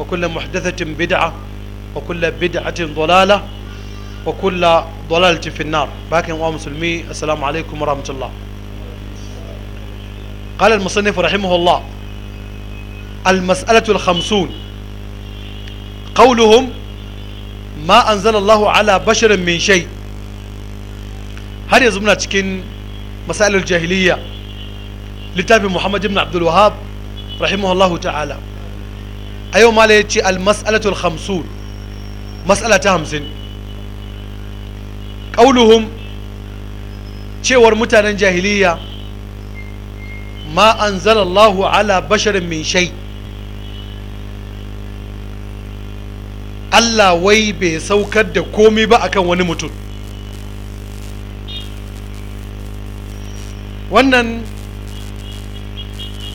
وكل محدثة بدعة وكل بدعة ضلالة وكل ضلالة في النار باكن ومسلمي السلام عليكم ورحمة الله قال المصنف رحمه الله المسألة الخمسون قولهم ما أنزل الله على بشر من شيء هل يزمنا تشكين مسائل الجاهلية لتابع محمد بن عبد الوهاب رحمه الله تعالى a yau mala ya ce almas'alatul hamsun mas'ala ta hamsin ƙauluhun cewar mutanen jahiliya ma anzalallahu ala basharin min shai Allah wai bai saukar da komi ba akan wani mutum wannan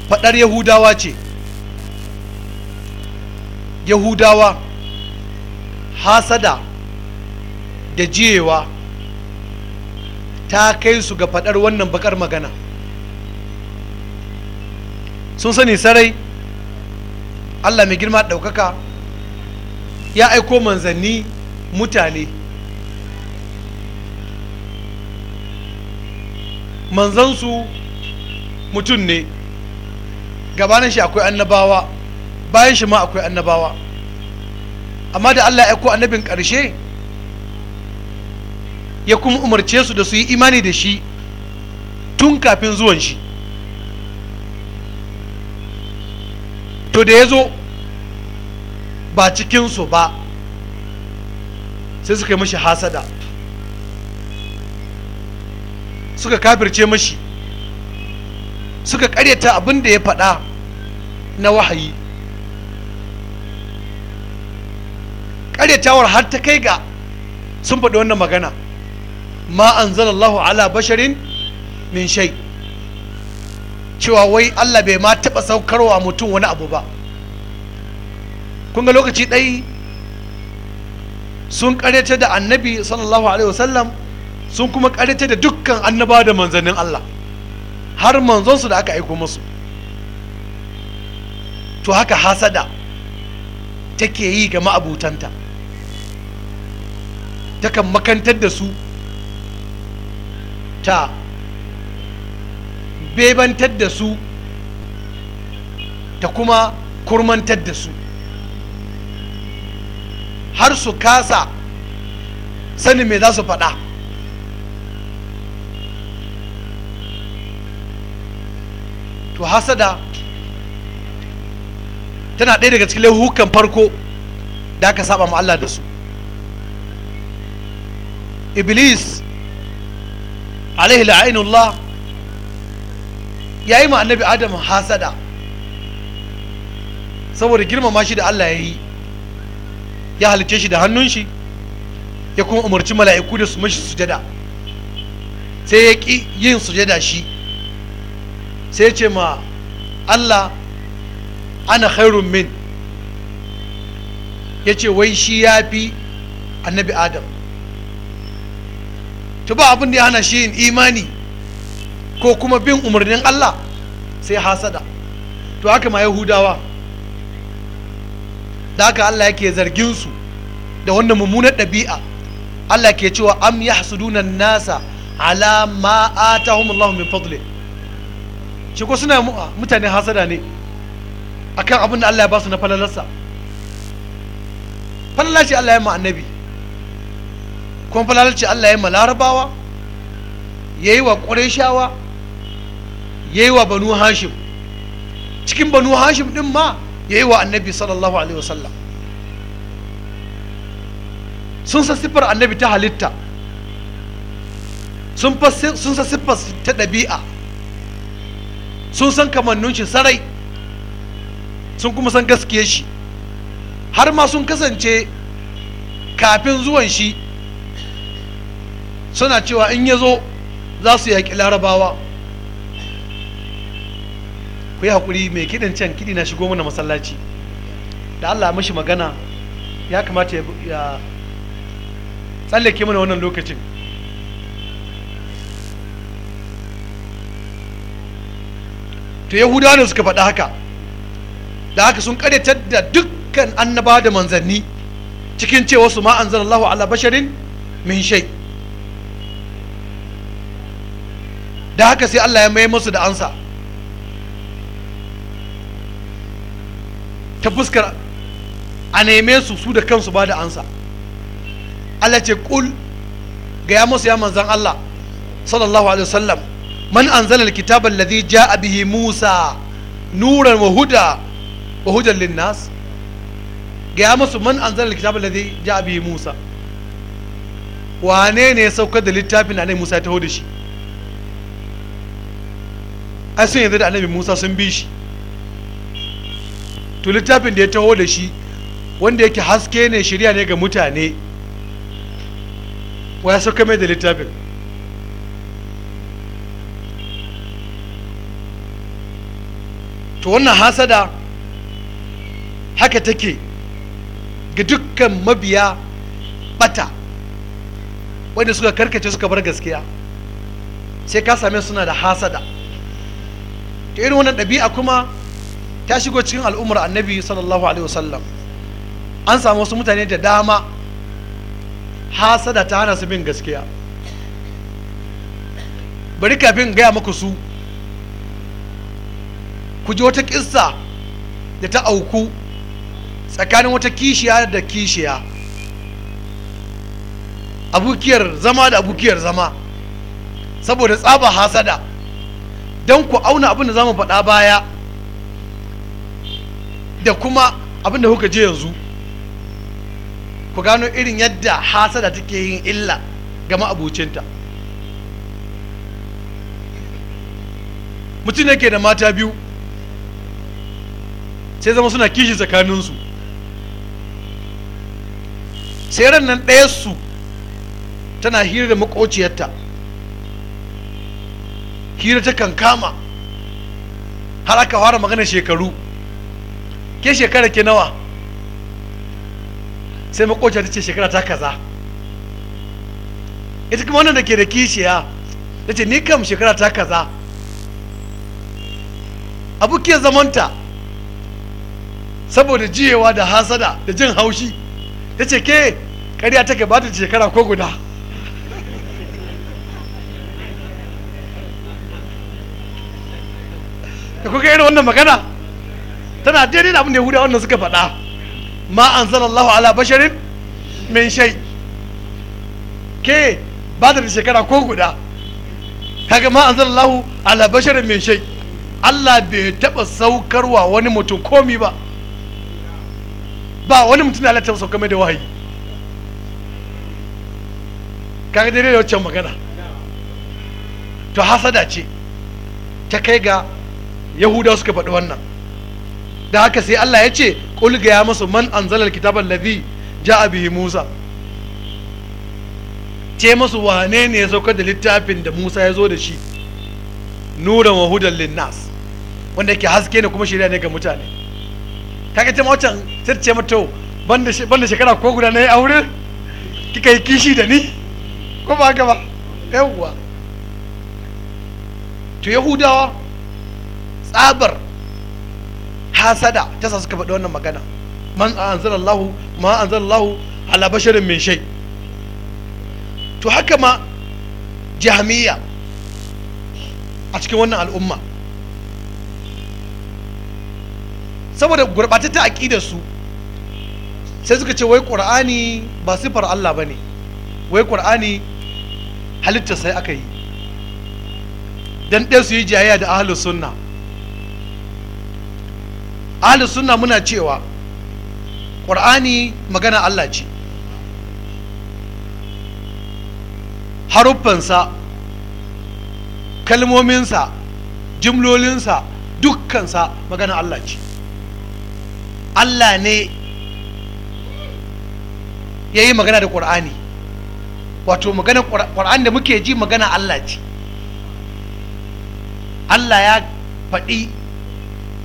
faɗar yahudawa ce yahudawa hasada da jiyewa ta kai su ga faɗar wannan bakar magana sun sani sarai allah mai girma ɗaukaka ya aiko manzanni mutane manzansu mutum ne gabanin shi akwai annabawa bayan shi ma akwai annabawa amma da Allah ya ko annabin ƙarshe ya kuma umarce su da su yi imani da shi tun kafin zuwan shi to da ya zo ba cikinsu ba sai suka yi mashi hasada suka kafirce mashi suka karyata abin da ya faɗa na wahayi tawar har ta kai ga sun faɗi wannan magana ma Allahu ala basharin min shai cewa wai Allah bai ma taɓa saukarwa mutum wani abu ba kun ga lokaci ɗai sun karyata da annabi sallallahu alaihi wasallam sun kuma karyata da dukkan annaba da manzannin Allah har manzonsu da aka aiko musu to haka hasada take yi ga ma'abutanta takan makantar da su ta bebantar da su ta kuma kurmantar da su har su kasa sanin me za su faɗa to hasada tana ɗaya daga cikin laihukan farko da aka saba ma Allah da su iblis alaihi la'ainullah ya yi ma annabi adam hasada saboda girmama shi da allah ya yi ya halice shi da hannun shi ya kuma umarci mala'iku da su mashi sujada sai ya ƙi yin sujada shi sai ya ce ma allah ana khairun min ya ce wai shi ya fi annabi adam to ba abin da ya hana shi yin imani ko kuma bin umarnin Allah sai hasada to haka ma yahudawa da haka Allah yake zargin su da wannan mummunar ɗabi'a Allah ke cewa am ya hasudunan nasa ala ma atahum Allah min fadli shi ko suna mutane hasada ne akan abin da Allah ya ba su na falalarsa falala Allah ya ma annabi kuma fa falalarci Allah ya ma larabawa ya yi wa ƙwarishawa ya yi wa banu hashim cikin banu hashim ɗin ma ya yi wa annabi sallallahu alaihi wasallam sun sa siffar annabi ta halitta sun sa siffar ta ɗabi'a sun san kamannin shi sarai sun kuma san gaskiye shi har ma sun kasance kafin zuwan shi suna cewa in ya zo za su yaƙi larabawa ku yi haƙuri mai kiɗin can kiɗi na shigo mana masallaci da allah mashi magana ya kamata ya tsallake mana wannan lokacin to yahudawa ne suka faɗa haka da haka sun ƙaryatar da dukkan annaba da manzanni cikin cewa su ma Allahu ala basharin min shai da haka sai Allah ya mai musu da ansa ta fuskar a neme su su da kansu ba da ansa Allah ce kul ga ya musu ya manzan Allah sallallahu alaihi wasallam man anzala alkitaba alladhi jaa bihi Musa nuran wa huda wa hudan linnas ga ya musu man anzala alkitaba alladhi jaa bihi Musa wane ne ya sauka da littafin da Musa ya taho da shi ai sun yanzu da annabi musa sun bi shi to littafin da ya taho da shi wanda yake haske ne shirya ne ga mutane waya sauka mai da littafin to wannan hasada haka take ga dukkan mabiya bata wanda suka karkace suka bar gaskiya sai ka same suna da hasada ta irin wannan ɗabi'a kuma ta shigo cikin al'ummar annabi sallallahu alaihi wasallam an samu wasu mutane da dama hasada ta hana su bin gaskiya bari kafin gaya muku su ku ji wata kissa da ta auku tsakanin wata kishiya da kishiya abukiyar zama da abukiyar zama saboda tsaba hasada don ku auna abin da za mu faɗa baya da kuma abin da kuka je yanzu ku gano irin yadda hasada take yin illa ga ma'abucinta mutum yake da mata biyu sai zama suna kishi tsakaninsu sai ran nan ɗayarsu tana hira da makociyarta hira ta kan kama har aka fara magana shekaru ke shekara ke nawa sai makoci ta ce shekara ta kaza ita kuma wannan da ke da kishiya ta ce ni kam shekara ta kaza abu ke zamanta saboda jiyewa da hasada da jin haushi ta ce ke karya take ba ta shekara ko guda wannan magana tana daidai da abin da yahudawa wannan suka faɗa ma an anzalallahu ala basharin min shai ke ba da shekara ko guda kaga ma an anzalallahu ala basharin min shai Allah bai taɓa saukarwa wani mutum komi ba ba wani mutum da Allah taɓa saukar mai da wahayi kaga daidai da waccan magana to hasada ce ta kai ga yahudawa suka faɗi wannan da haka sai Allah ya ce qul ya musu man anzalal kitaban ja a bihi Musa ce musu wane ne ya saukar da littafin da Musa ya zo da shi nuran wa hudar linnas wanda ke haske ne kuma shirya ne ga mutane kaga ta mawacan sai ce mata banda shekara ko guda na yi aure kika yi kishi da ni ko ba ka ba yawwa to yahudawa tsabar hasada ta sa suka faɗi wannan magana man anzala Allahu ma anzala ala basharin min shay to haka ma jahmiya a cikin wannan al'umma saboda ta aƙidar su sai suka ce wai ƙur'ani ba sifar Allah ba ne wai ƙur'ani halittar sai aka yi don ɗaya su yi jayayya da ahalus sunna ahli sunna muna cewa ƙur'ani magana Allah ce haruffansa kalmominsa jimlolinsa dukkansa magana Allah ce Allah ne ya yi magana da ƙur'ani wato magana ƙur'ani da muke ji magana Allah ce Allah ya faɗi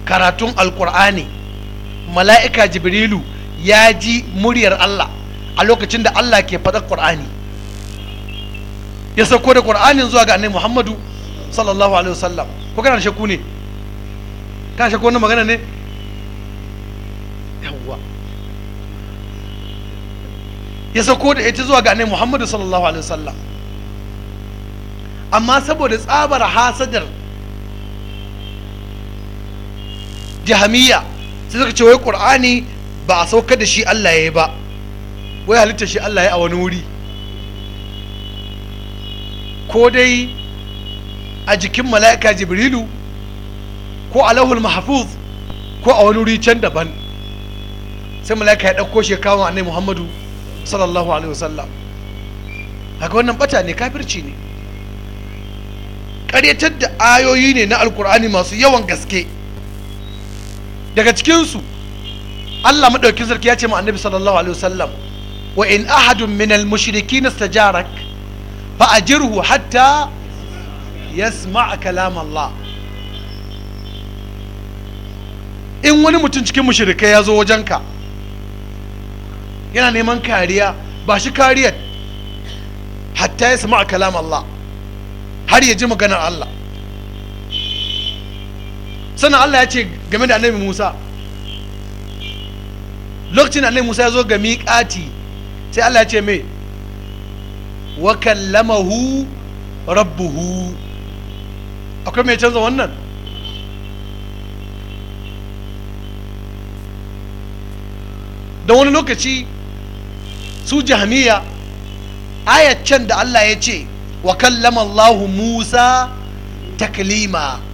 karatun alkur'ani mala'ika jibrilu ya ji muryar allah a lokacin da allah ke faɗa ƙur'ani ya sauko da ƙur'anin zuwa ga annabi muhammadu sallallahu alaihi wasallam ko kana da shakku ne kana shakku wannan magana ne yawwa ya sauko da ita zuwa ga annabi muhammadu sallallahu alaihi wasallam amma saboda tsabar hasadar jahamiya sai suka ce wai qur'ani ba a sauka da shi Allah ya yi ba wai halitta shi Allah ya a wani wuri ko dai a jikin mala'ika jibrilu ko a lahul mahfuz ko a wani wuri can daban sai mala'ika ya ɗauko shi kawo annabi muhammadu sallallahu alaihi wasallam haka wannan bata ne kafirci ne ƙaryatar da ayoyi ne na alkur'ani masu yawan gaske daga cikinsu Allah maɗaukin sarki ya ce ma annabi sallallahu alaihi wasallam wa in ahadun minal mushriki nastajarak fa ajirhu hatta yasma'a kalam Allah in wani mutum cikin mushrikai ya zo wajenka yana neman kariya ba shi kariyar hatta yasma'a kalam Allah har ya ji maganar Allah sannan Allah ya ce game da annabi Musa lokacin annabi Musa ya zo ga miƙati sai Allah ya ce me wa kallamahu rabbuhu akwai mai canza wannan da wani lokaci su jahamiya ayat can da Allah ya ce wa kallama Allahu Musa taklima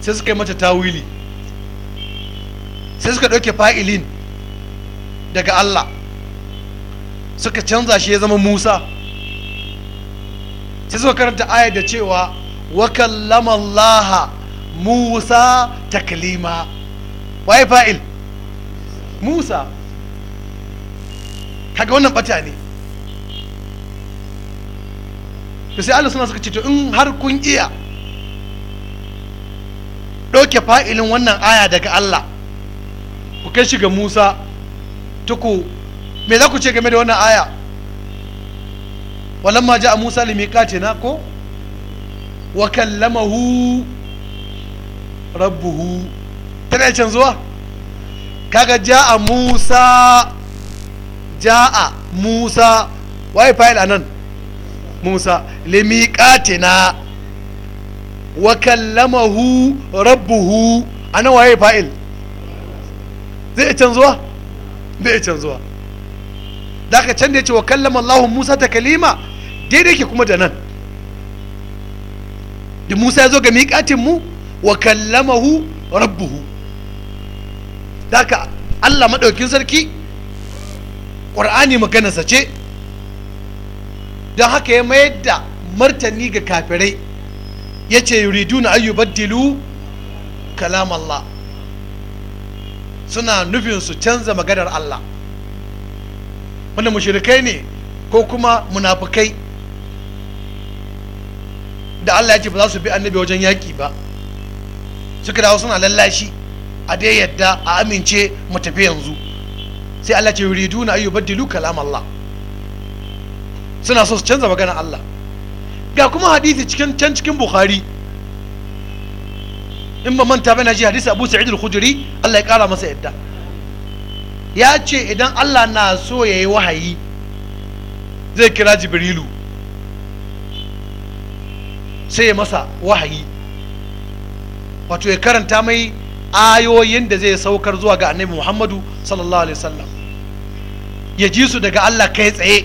sai suka yi mata tawili sai suka ɗauke fa'ilin daga Allah suka canza shi ya zama Musa sai suka karanta ayar da cewa wa kallama Allah Musa taklima waye fa'il Musa kaga wannan ɓata ne sai Allah suna suka ce to in har kun iya ɗauke fa'ilin wannan aya daga Allah ku kai shi ga Musa tuku me za ku ce game da wannan aya ji ja Musa na ko wa kallamahu rabbuhu tana can zuwa kaga a Musa ja a Musa waye fa'il nan? Musa na. wa kallamahu rabbuhu a nan waye fa'il zai canzuwa zai canzuwa da aka can da ya ce wa kallama Allah Musa ta kalima daidai ke kuma da nan da Musa ya zo ga miƙatin mu wa kallamahu rabbuhu da aka Allah maɗaukin sarki ƙwar'ani maganarsa ce don haka ya mayar da martani ga kafirai ya ce yuriduna an yubaddilu kalam Allah suna nufin su canza maganar Allah wanda mushrikai ne ko kuma munafukai da Allah ya ce ba za su bi annabi wajen yaƙi ba suka dawo suna lallashi a dai yadda a amince mu tafi yanzu sai Allah ce yuriduna ayyubaddilu kalam Allah suna so su canza maganar Allah ga kuma hadisi cikin can cikin bukhari in ba manta bane ji hadisi abu sa'id al-khudri Allah ya kara masa yadda ya ce idan Allah na so ya yi wahayi zai kira jibrilu sai ya masa wahayi wato ya karanta mai ayoyin da zai saukar zuwa ga annabi muhammadu sallallahu alaihi wasallam ya ji su daga Allah kai tsaye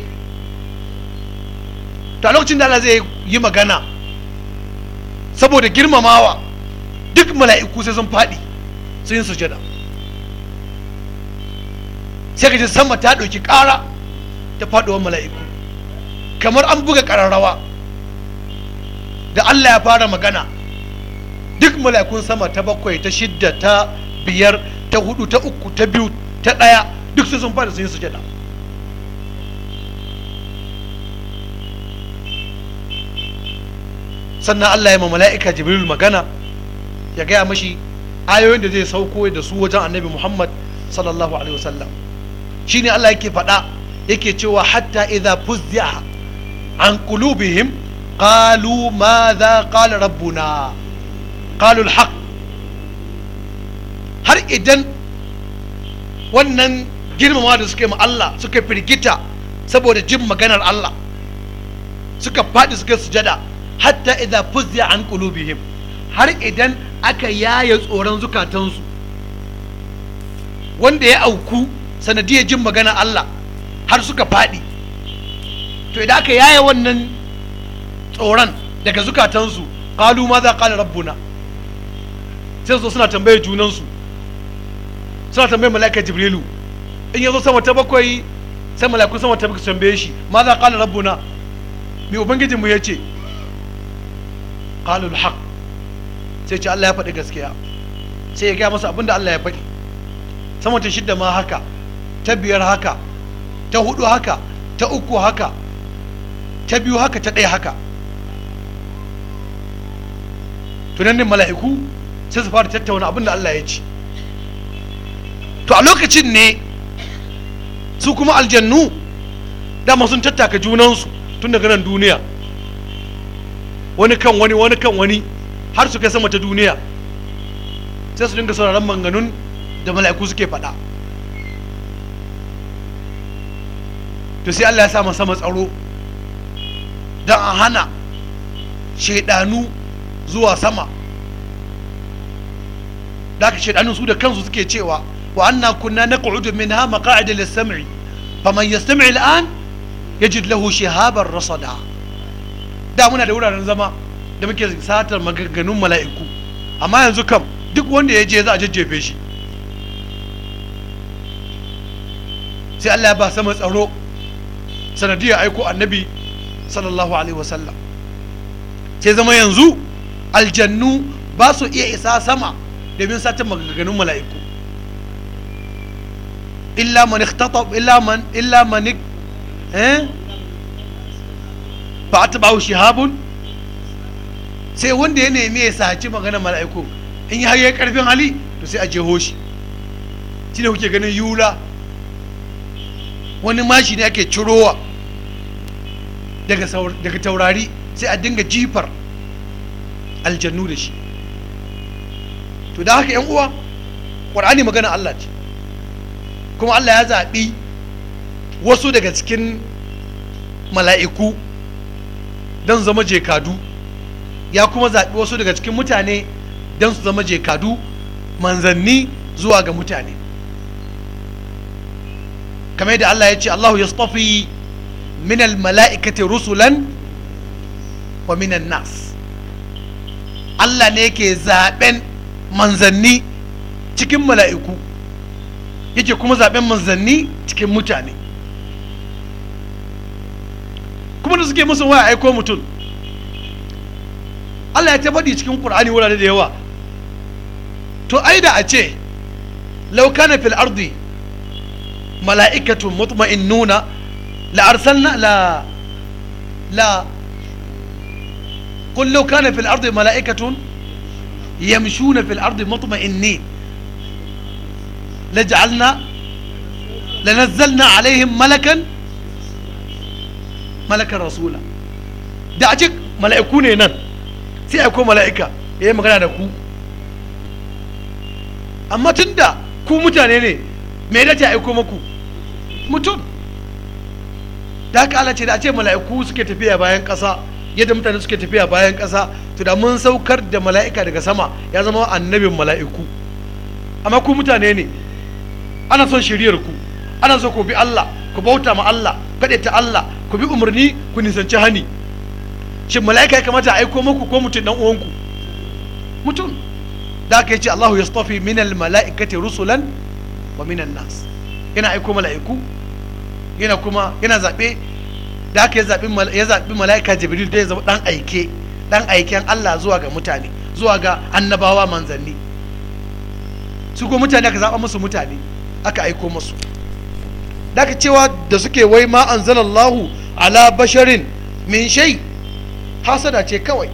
Ta lokacin da Allah zai yi magana saboda girmamawa duk mala'iku sai sun faɗi sun yi sujada sai ka ji sama ta ɗauki ƙara ta faɗuwar mala'iku kamar an buga ƙararrawa da Allah ya fara magana duk mala'ikun sama ta bakwai ta shidda ta biyar ta hudu ta uku ta biyu ta ɗaya duk sai sun faɗi sun yi sujada sannan Allah ya ma mala'ika jibril magana ya gaya mashi ayoyin da zai sauko da su wajen annabi muhammad sallallahu alaihi wasallam shine Allah yake faɗa yake cewa hatta idza fuzza an qulubihim qalu madha qala rabbuna qalu alhaq har idan wannan girmama da suka yi ma Allah suka firgita saboda jin maganar Allah suka faɗi suka sujada hatta idza fuzza an qulubihim har idan aka yaya tsoron zukatansu wanda ya auku sanadiyar jin magana Allah har suka faɗi to idan aka yaya wannan tsoron daga zukatansu qalu ma za qala rabbuna sai su suna tambaye junansu suna tambaye mala'ika jibrilu in yazo sama ta bakwai sai mala'iku sama ta bakwai tambaye shi ma za qala rabbuna me ubangijinmu ya ce qalul haqq sai ce Allah ya faɗi gaskiya sai ya gaya masa abin da Allah ya faɗi sama ta shidda ma haka ta biyar haka ta hudu haka ta uku haka ta biyu haka ta ɗaya haka tunanin mala'iku sai su fara tattauna abin da Allah ya ci to a lokacin ne su kuma aljannu dama sun tattaka junansu tun daga nan duniya wani kan wani wani kan wani har su kai sama ta duniya sai su dinga sauraron manganun da mala'iku suke faɗa to sai Allah ya sa sama tsaro don a hana shaidanu zuwa sama da aka shaidanu su da kansu suke cewa wa anna kunna naq'udu minha maq'ada lis-sam'i faman yastami' al-an yajid lahu shihaban rasada da muna da wuraren zama da muke satar maganganun mala'iku amma yanzu kam duk wanda ya je za a jajjefe shi sai Allah ya ba sama tsaro sanadiyar aiko annabi sallallahu alaihi wasallam sai zama yanzu aljannu ba su iya isa sama domin satar maganganun mala'iku illa man ikhtata illa man illa man eh fa atba'u shihabun sai wanda ya nemi ya saci magana mala'iku in ya yi karfin hali to sai a jeho shi shine kuke ganin yula wani mashi ne ake cirowa daga taurari sai a dinga jifar aljannu da shi to da haka yan uwa ƙwar'ani magana Allah ce kuma Allah ya zaɓi wasu daga cikin mala'iku don zama jekadu ya kuma zaɓi wasu daga cikin mutane don su zama jekadu manzanni zuwa ga mutane kamar da Allah ya ce Allahu ya stafi minal mala'ikati rusulan wa minan nas Allah ne ke zaɓen manzanni cikin mala'iku yake kuma zaɓen manzanni cikin mutane suke musu waya aiko mutum Allah ya tabbadi cikin Qur'ani wurare da yawa to ai da a ce law kana fil ardi mala'ikatu mutma'innuna la arsalna la la قل لو كان في الأرض ملائكة يمشون في الأرض مطمئنين لجعلنا لنزلنا عليهم ملكا malakar rasula da a ce mala'iku ne nan sai aiko mala'ika ya yi magana da ku amma tun da ku mutane ne me da aiko maku mutum da haka ala ce da a ce mala'iku suke tafiya bayan ƙasa yadda mutane suke tafiya bayan ƙasa to da mun saukar da mala'ika daga sama ya zama annabin mala'iku amma ku mutane ne ana son shiriyar ku ana so ku bi Allah ku bauta ma Allah kaɗe ta Allah ku bi umarni ku nisanci hani shi mala'ika ya kamata a aiko muku ko mutum dan uwanku mutum da aka yace Allahu yastafi min al-mala'ikati rusulan wa min nas yana aiko mala'iku yana kuma yana zabe da aka ya zabi ya zabi mala'ika Jibril da ya zama dan aike dan aiken Allah zuwa ga mutane zuwa ga annabawa manzanni su ko mutane aka zaba musu mutane aka aiko musu da aka cewa da suke wai ma anzalallahu ala basharin min shai hasada ce kawai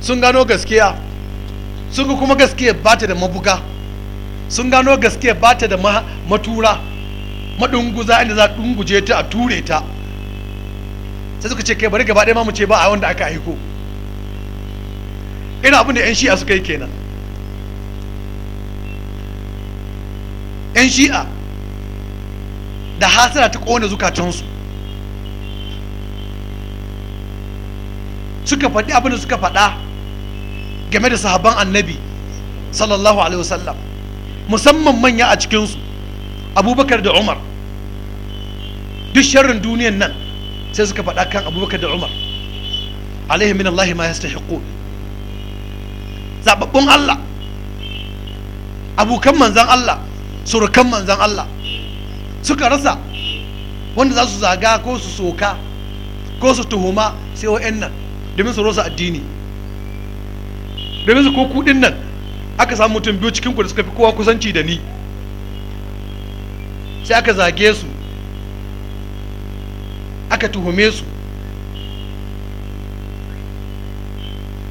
sun gano gaskiya sun ga kuma gaskiya ba ta da mabuga sun gano gaskiya ba ta da matura maɗunguza inda za a ɗunguje ta a ture ta sai suka ce kai bari gaba ɗaya mu ce ba a wanda aka aiko Ina abin da 'yan shi'a suka yi kenan 'yan shi'a da hasara ta kone zukatansu suka faɗi abin da suka faɗa game da sahabban annabi sallallahu alaihi wasallam musamman manya a cikinsu abubakar da umar duk sharrin duniyan nan sai suka faɗa kan abubakar da umar alaihi min allahi ma yastahiqun zababbun allah abokan manzan allah surukan manzan allah suka rasa wanda za su zaga ko su soka ko su tuhuma sai wa'yan nan domin su rosa addini domin su ko kudin nan aka samu mutum biyu cikin ku da suka fi kowa kusanci da ni sai aka zage su aka tuhume su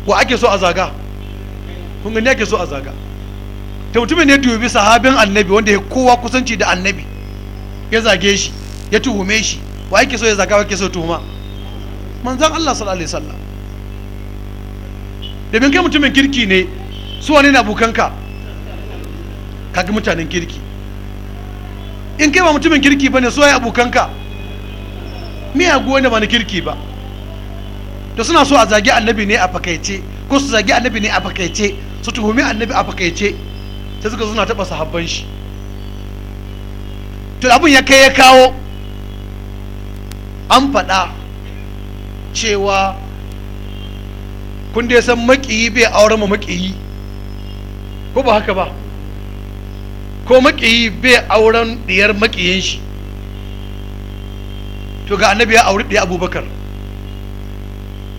wa ake so a zaga kun gani ake so a zaga ta mutumin ne dubi sahabin annabi wanda ya kowa kusanci da annabi ya zage shi ya tuhume shi wa yake so ya zaga wa yake so tuhuma manzon Allah sallallahu alaihi wasallam domin kai mutumin kirki ne su wani na bukanka ga mutanen kirki in kai ba mutumin kirki bane su waye abokanka miyagu wanda da na kirki ba da suna so a zagi annabi ne a fakaice ko su zagi annabi ne a fakaice su tuhumi annabi a fakaice sai suka suna taɓa sahabban shi to abin ya kai ya kawo an faɗa cewa kun dai san maƙiyi bai auren ma maƙiyi ko ba haka ba ko maƙiyi bai auren ɗiyar maƙiyin shi to ga annabi ya auri ɗaya abubakar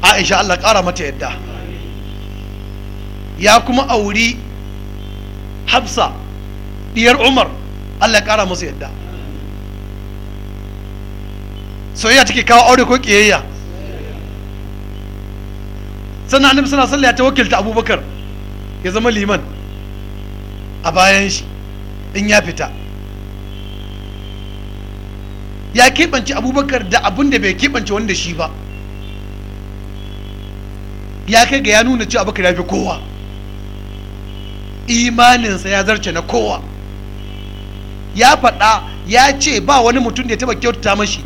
aisha allah ƙara mata yadda ya kuma auri hafsa ɗiyar umar allah ya ƙara masa yadda soyayya take kawo aure ko kiyayya sannan annabi suna sallaya ta wakilta abubakar ya zama liman a bayan shi in ya fita ya keɓance abubakar da abin da bai keɓance wanda shi ba ya kai ga ya nuna cewa abubakar ya fi kowa imaninsa ya zarce na kowa ya faɗa ya ce ba wani mutum da ya taɓa kyautata mashi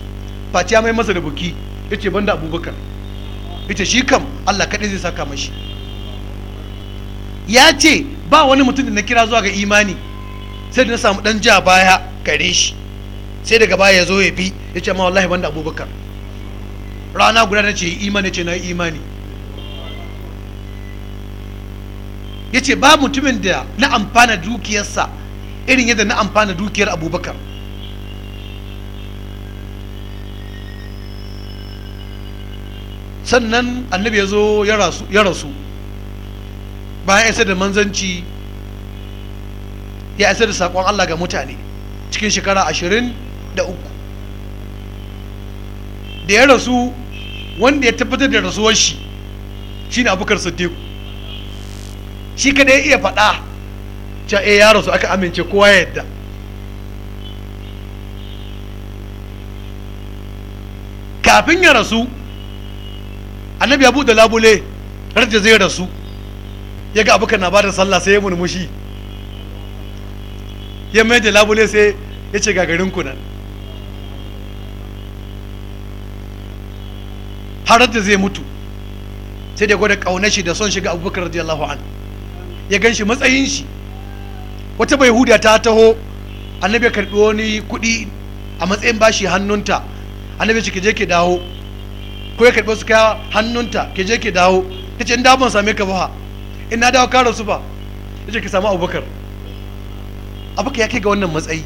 fatiya mai masa da buki yace banda abubakar yace shi kam Allah kaɗai zai saka mashi ya ce ba wani mutum da na kira zuwa ga imani sai da na samu ɗan ja baya kare shi sai daga baya ya zo ya bi ya ce ma wallahi banda abubakar rana guda na ce imani ce na imani ya ce ba mutumin da na amfana dukiyarsa irin yadda na amfana dukiyar abubakar sannan annabi ya zo ya rasu bayan isa da manzanci ya isa da saƙon Allah ga mutane cikin shekara ashirin da uku da ya rasu wanda ya tabbatar da rasuwar shi shi ne abokar siddiq shi kada ya iya faɗa cewa eh, ya rasu aka amince kowa ya yadda kafin ya rasu annabi ya buɗe labule har zai rasu ya ga abokan na ba sallah sai ya murmushi ya mai da labule sai ya ce gagarin kunan har da zai mutu sai da gwada ƙaunar shi da son shiga abubakar radiyallahu an ya gan shi matsayin shi wata bai huda ta taho annabi ya karɓi wani kuɗi a matsayin bashi hannunta annabi ya ce ki je ke dawo ko ya karɓi su kaya hannunta ke je ke dawo ta ce in da ban same ka ba in na dawo karo su ba ya ce ki samu abubakar abubakar ya kai ga wannan matsayi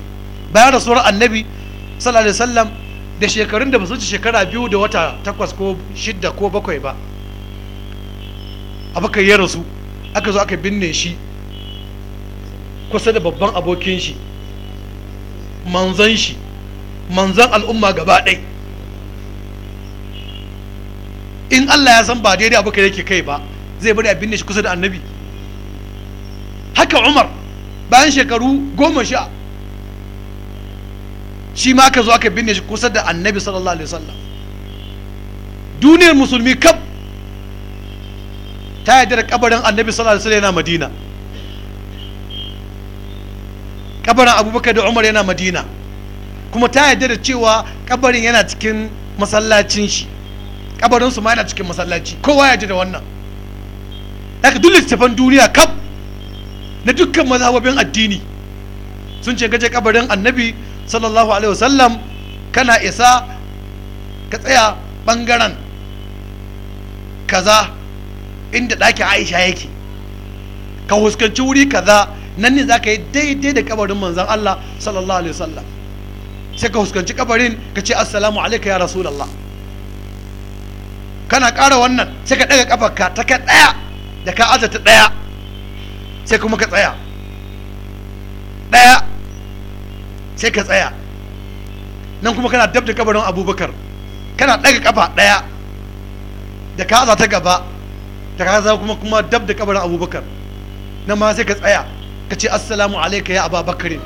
bayan rasuwar annabi sallallahu alaihi wasallam da shekarun da ba su shekara biyu da wata takwas ko shidda ko bakwai ba abubakar ya rasu aka zo aka binne shi kusa da babban abokin shi manzan shi manzan al'umma gaba ɗaya in Allah ya san ba daidai abu kai yake kai ba zai bari a binne shi kusa da annabi haka Umar bayan shekaru goma sha shi ma aka zo aka binne shi kusa da annabi sallallahu alaihi wasallam duniyar musulmi kaf ta yarda da kabarin annabi sallallahu alaihi wasallam yana madina kabarin abubakar da umar yana madina kuma ta yarda da cewa kabarin yana cikin masallacin shi kabarin su ma yana cikin masallaci kowa ya ji da wannan haka duk littattafan duniya kaf na dukkan mazhabobin addini sun ce gaje kabarin annabi sallallahu alaihi wasallam kana isa ka tsaya bangaren kaza inda ɗakin aisha yake ka huskanci wuri kaza nan ne za ka yi daidai da kabarin manzan Allah sallallahu alaihi wasallam sai ka huskanci kabarin ka ce assalamu alaika ya rasulallah kana ƙara wannan sai ka ɗaga ƙafarka ta ka ɗaya da ka aza ta ɗaya sai kuma ka tsaya ɗaya sai ka tsaya nan kuma kana dab da kabarin abubakar kana ɗaga ƙafa ɗaya da ka aza ta gaba da ka aza kuma kuma dab da kabarin abubakar nan ma sai ka tsaya ka ce assalamu alaika ya ababakarin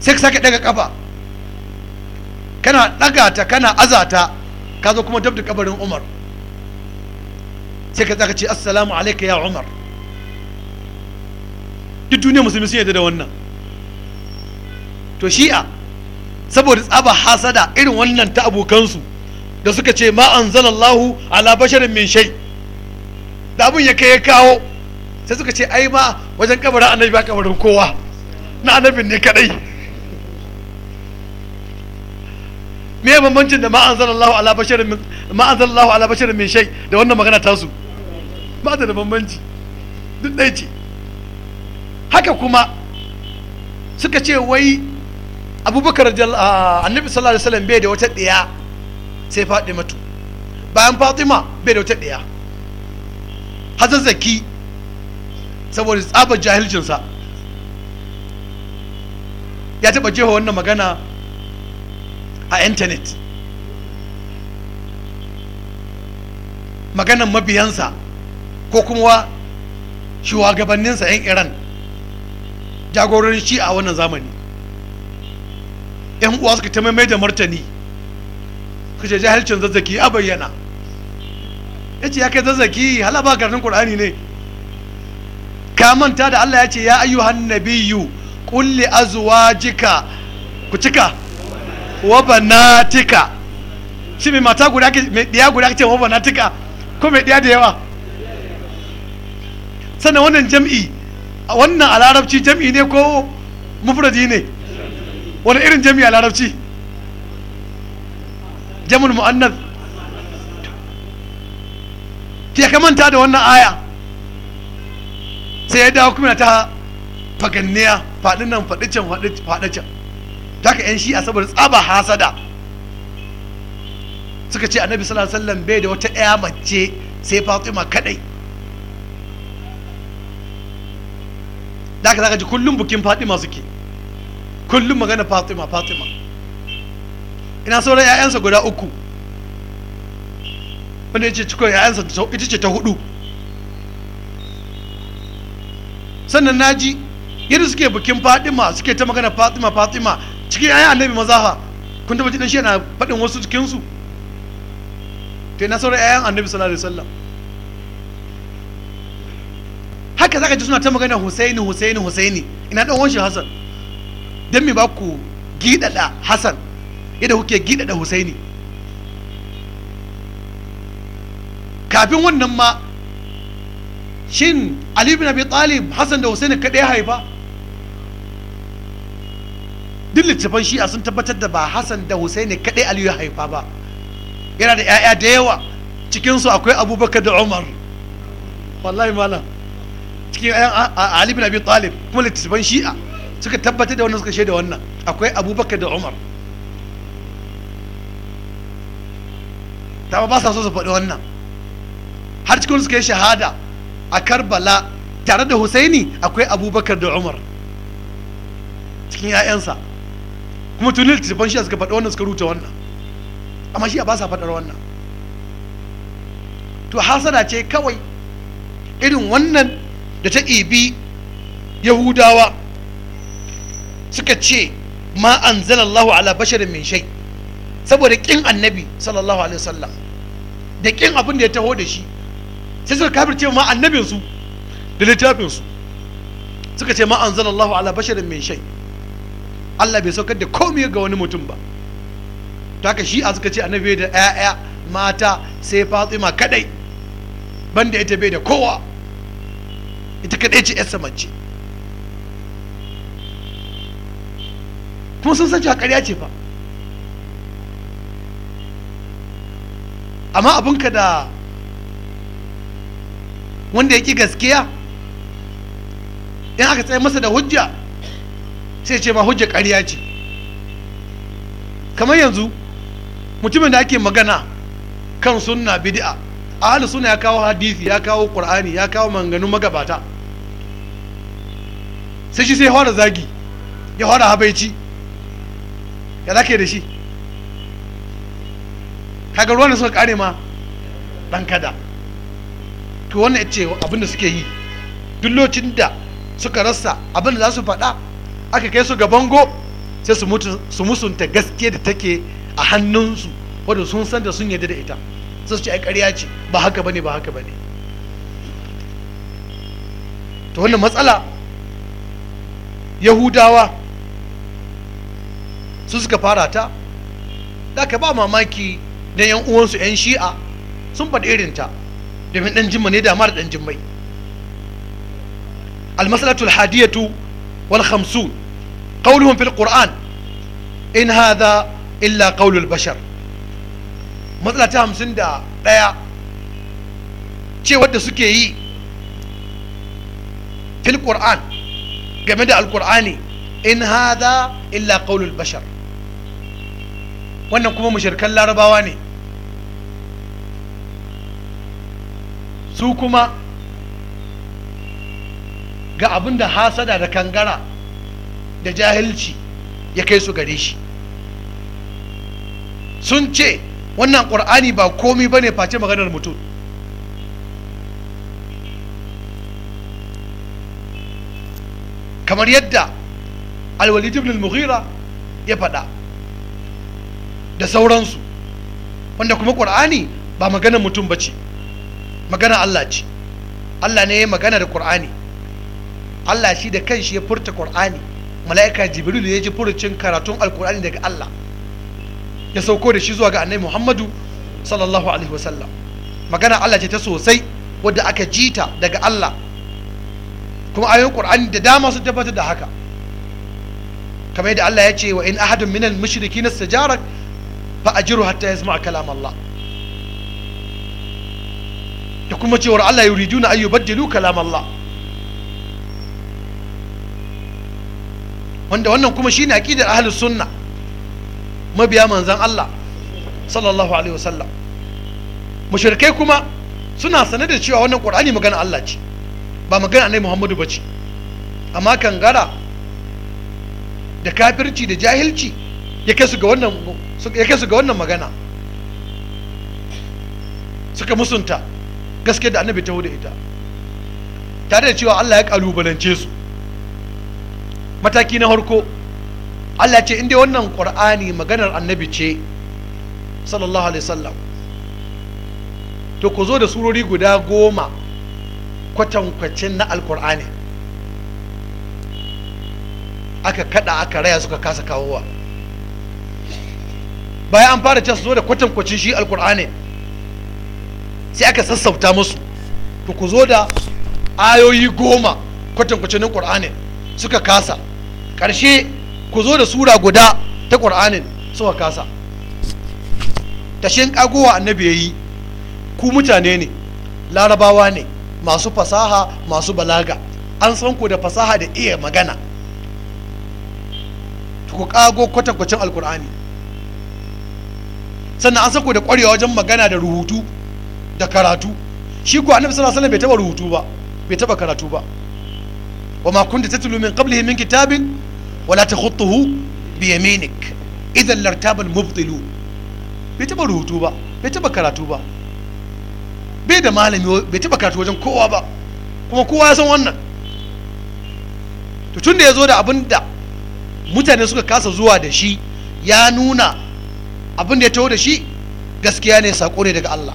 sai ka sake ɗaga ƙafa kana ɗaga ta kana azata ka zo kuma dab da kabarin umar sai ka tsaka ce assalamu alaikum ya umar duk duniya musulmi sun yadda da wannan to shi'a saboda tsaba hasada irin wannan ta abokansu da suka ce ma an allahu ala basharin min shai da abin ya kai ya kawo sai suka ce ai ma wajen kabarin annabi ba kabarin kowa na annabin ne kadai me bambancin da ma'anzalallahu ala basharin ala basharin min shay da wannan magana tasu ba ta da bambanci duk ɗaya ce haka kuma suka ce wai abubakar annabi sallallahu alaihi wasallam bai da wata ɗaya sai fatimatu bayan fatima bai da wata ɗaya zaki saboda tsabar jahilcinsa ya taɓa jefa wannan magana a intanet maganan mabiyansa ko kuma shugabanninsa 'yan iran jagororin shi a wannan zamani 'yan uwa suka ta mai da martani kace jahilcin zazzaki a bayyana ya ce ya kai zazzaki halaba garin ƙur'ani ne ka manta da allah ya ce ya ayyuhan a zuwa jika ku cika wa tika shi mai mata guda ke diya guda ke ce wa tika? ko mai diya da yawa sannan wannan jam'i wannan a larabci jam'i ne ko mufradi ne wani irin jam'i a larabci jam'ul mu'annas ke ka da wannan aya sai ya dawo kuma ta faganniya faɗin nan faɗi can faɗi can ta ka yan a saboda tsaba hasada suka ce annabi sallallahu alaihi wasallam bai da wata ɗaya mace sai fatima kadai da ka zaka ji kullum bukin fatima suke kullum magana fatima fatima ina sauran 'ya'yansa guda uku wanda ya ce cikon 'ya'yansa ita ce ta hudu sannan naji yadda suke bukin fatima suke ta magana fatima fatima cikin ayan annabi mazafa kun taba jin shi yana faɗin wasu cikin su to na sauran ayan annabi sallallahu alaihi wasallam haka zaka ji suna ta magana Husaini Husaini Husaini ina dan wanshi Hassan dan me ba ku gidada Hassan yadda kuke gidada Husaini kafin wannan ma shin Ali ibn Abi Talib Hassan da Husaini kadai haifa duk littafan shi'a sun tabbatar da ba hassan da husaini kaɗai aliyu ya haifa ba yana da 'ya'ya da yawa cikinsu akwai abubakar da umar wallahi malam cikin ayan ali bin abi talib kuma littattafan shi'a suka tabbatar da wannan suka shaida wannan akwai abubakar da umar ta ba sa so su faɗi wannan har cikin suka yi shahada a karbala tare da husaini akwai abubakar da umar cikin 'ya'yansa kuma tuni littattafan shi suka faɗi wannan suka rute wannan amma shi ba sa faɗar wannan to hasada ce kawai irin wannan da ta ibi yahudawa suka ce ma an anzalallahu ala basharin min shai saboda kin annabi sallallahu alaihi wasallam da kin abin da ya taho da shi sai suka ce ma annabinsu da littafinsu suka ce ma an anzalallahu ala basharin min shai Allah bai saukar da komai ga wani mutum ba to haka shi a suka ce annabi da 'ya'ya mata sai fatima kadai banda ita bai da kowa ita kadai ce 'yar samance kuma sun san cewa ƙarya ce fa amma abinka da wanda ya ƙi gaskiya in aka tsaye masa da hujja sai ce ma hujja ƙarya ce kamar yanzu mutumin da ake magana kan sunna bid'a ahli sunna ya kawo hadisi ya kawo qur'ani ya kawo manganu magabata sai shi sai fara zagi ya fara habaici ya zake da shi kaga ruwan suka kare ma dan kada to wannan ya ce abin da suke yi duk da suka rasa abin da za su faɗa aka kai su ga bango sai su musunta gaskiya da take a hannunsu wadda sun san da sun yarda da ita sai su ce ai ƙarya ce ba haka bane ba haka bane Ta wannan matsala yahudawa su suka fara ta da ka ba mamaki na yan uwansu yan shi'a sun faɗi irin ta domin ɗan jimma ne da mara ɗan jimmai almasalatul hadiyatu wal khamsun قولهم في القرآن إن هذا إلا قول البشر matsala ta hamsin da ɗaya ce wadda suke yi fil ƙur'an game da alƙur'ani in hada illa ƙaunul bashar wannan kuma mushirkan larabawa ne su kuma ga abin da hasada da kangara da jahilci ya kai su gare shi sun ce wannan ƙur'ani ba komi ba ne face maganar mutum kamar yadda alwalid ibn al-mughira ya faɗa da sauransu wanda kuma ƙur'ani ba maganar mutum ba ce magana Allah ce Allah ne ya magana da ƙur'ani Allah shi da kanshi ya furta ƙur'ani mala'ika jibrilu ya ji furucin karatun alkur'ani daga Allah ya sauko da shi zuwa ga annabi Muhammadu sallallahu alaihi wasallam magana Allah ce ta sosai wadda aka jita daga Allah kuma ayoyin Qur'ani da dama sun tabbatar da haka kamar yadda Allah ya ce wa in ahadun minal na istajarak fa ajru hatta yasma'a kalam Allah da kuma cewar Allah yuriduna ayyubaddilu kalam Allah wanda wannan kuma shine aqidar ahlus sunna mabiya manzan Allah sallallahu alaihi wasallam mushrikai kuma suna sanar da cewa wannan qur'ani magana Allah ce ba magana annabi Muhammadu bace amma kangara da kafirci da jahilci ya kai su ga wannan ya kai su ga wannan magana suka musunta gaske da annabi ta hudu ita tare da cewa Allah ya kalubalance su mataki na harko Allah ce inda wannan ƙwar'ani maganar annabi ce sallallahu alaihi wasallam to ku zo da surori guda goma kwatankwacin na alƙwar'ani aka kada aka raya suka kasa kawowa bayan an fara cewa su zo da kwatankwacin shi alƙwar'ani sai aka sassauta musu to ku zo da ayoyi goma kwatankwacin na ƙur'ani suka kasa ƙarshe ku zo da sura guda ta ƙur'anin suka kasa tashin ƙagowa annabi ya yi ku mutane ne larabawa ne masu fasaha masu balaga an san ku da fasaha da iya magana ku ƙago kwatakwacin alkur'ani sannan an san ku da ƙwarewa wajen magana da rubutu da karatu shi ku annabi sallallahu alaihi wasallam bai taɓa rubutu ba bai taɓa karatu ba wa ma kunta tatlu min qablihi min kitabin wala takhutuhu bi yaminik idan lartabal mubtilu bai taba rubutu ba bai taba karatu ba bai da malami bai taba karatu wajen kowa ba kuma kowa ya san wannan to tun ya zo da abin mutane suka kasa zuwa da shi ya nuna abin ya taho da shi gaskiya ne sako ne daga Allah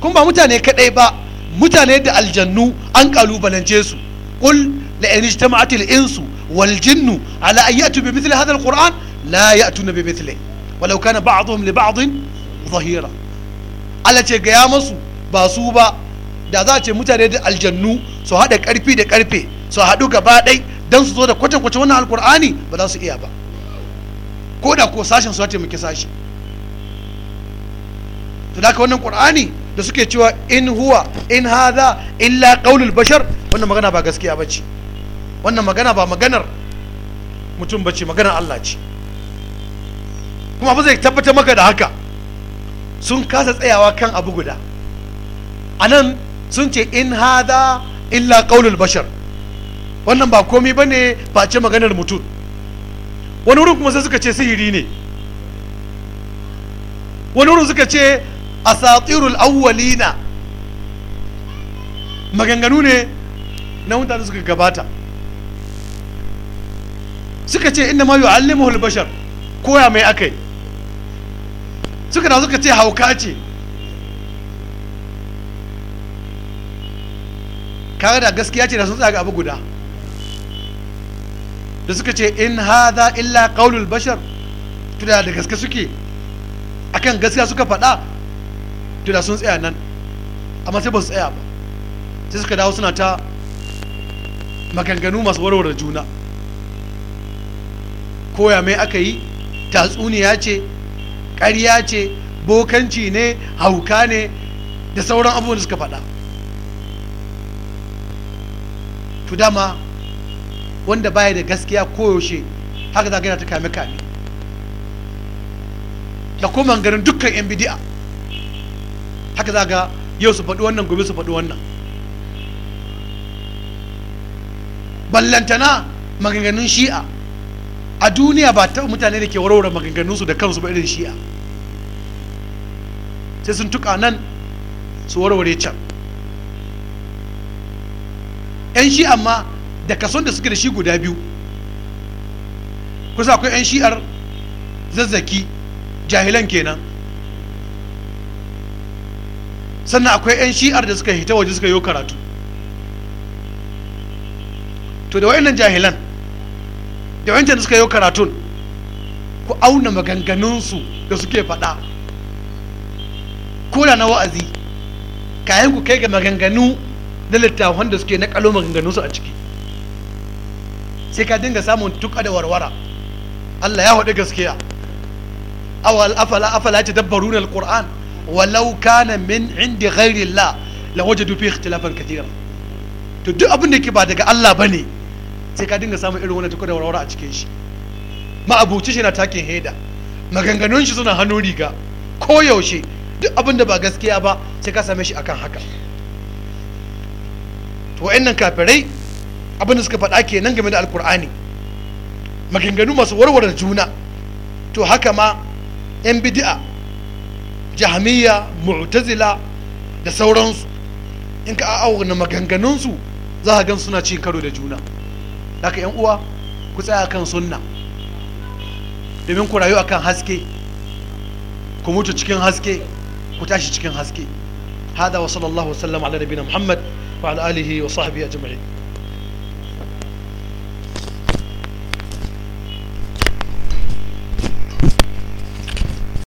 kuma ba mutane kadai ba mutane da aljannu an kalubalance su qul la ta ijtama'atil insu wal jinnu ala an ya'tu bi mithli hadha alquran la ya'tuna bi mithli walau kana ba'dhum li ba'd zahira Allah ce ga ya masu ba su ba da za a ce mutane da aljannu su haɗa ƙarfi da ƙarfe su haɗu gaba ɗai don su zo da kwace-kwace wannan alkur'ani ba za su iya ba ko da ko sashen su taimaki sashi to da wannan kur'ani da suke cewa in huwa in haza illa qaulul bashar wannan magana ba gaskiya bace wannan magana ba maganar mutum ba ce maganar Allah ce kuma abu zai tabbatar maka da haka sun kasa tsayawa kan abu guda a nan sun ce in hada illa ƙaunar bashar wannan ba komi ba ne face maganar mutum wani wurin kuma sai suka ce sihiri ne wani wurin suka ce a satirul awwalina maganganu ne na mutane suka gabata suka ce inda ma yu'allimuhu al-bashar koya mai akai suka da suka ce hauka ce kare da gaskiya ce da sun tsaga abu guda da suka ce in hadha illa qaulul bashar to da gaske suke akan gaskiya suka faɗa to da sun tsaya nan amma sai ba su tsaya ba sai suka dawo suna ta maganganu masu warware juna koya mai aka yi tatsuniya ce ƙarya ce bokanci ne hauka ne da sauran abubuwan da suka faɗa tu dama wanda baya da gaskiya koyaushe haka za gina ta kame kame da kuma garin dukkan yan bidi'a haka za ga yau su faɗi wannan gobe su faɗi wannan ballantana maganganun shi'a a duniya ba ta mutane da ke warware maganganunsu da kansu ba irin shi'a sai sun tuka nan su warware can yan shi'a ma da kason da suke da shi guda biyu kusa akwai yan shi'ar zazzaki jahilan kenan sannan akwai yan shi'ar da suka hita waje suka yi karatu to da wa'annan jahilan da wancan suka yi karatun ku auna maganganunsu da suke faɗa kula na wa'azi kayan ku kai ga maganganu na littafan da suke na kalo maganganunsu a ciki sai ka dinga samun tuka da warwara Allah ya faɗi gaskiya awal afala afala ta na alkur'an walau kana min indi ghairi la la wajadu fi ikhtilafan kathira to duk abin da ke ba daga Allah bane sai ka dinga samun irin wani tukur da warwara a cikin shi ma'abuci shi na takin heda maganganun shi suna hannun riga Ko yaushe duk abin da ba gaskiya ba sai ka same shi akan haka to wayannan kafirai abin da suka faɗa kenan game da alkur'ani maganganu masu warware juna to haka ma 'yan bidi'a jahamiya, mu'tazila da sauransu in ka a'auna maganganunsu za a gan suna cin karo da juna haka yan uwa ku tsaya kan sunna domin ku rayu akan haske ku mutu cikin haske ku tashi cikin haske hada wa sallallahu wasallam ala nabiyina muhammad wa ala alihi wa sahbihi ajma'in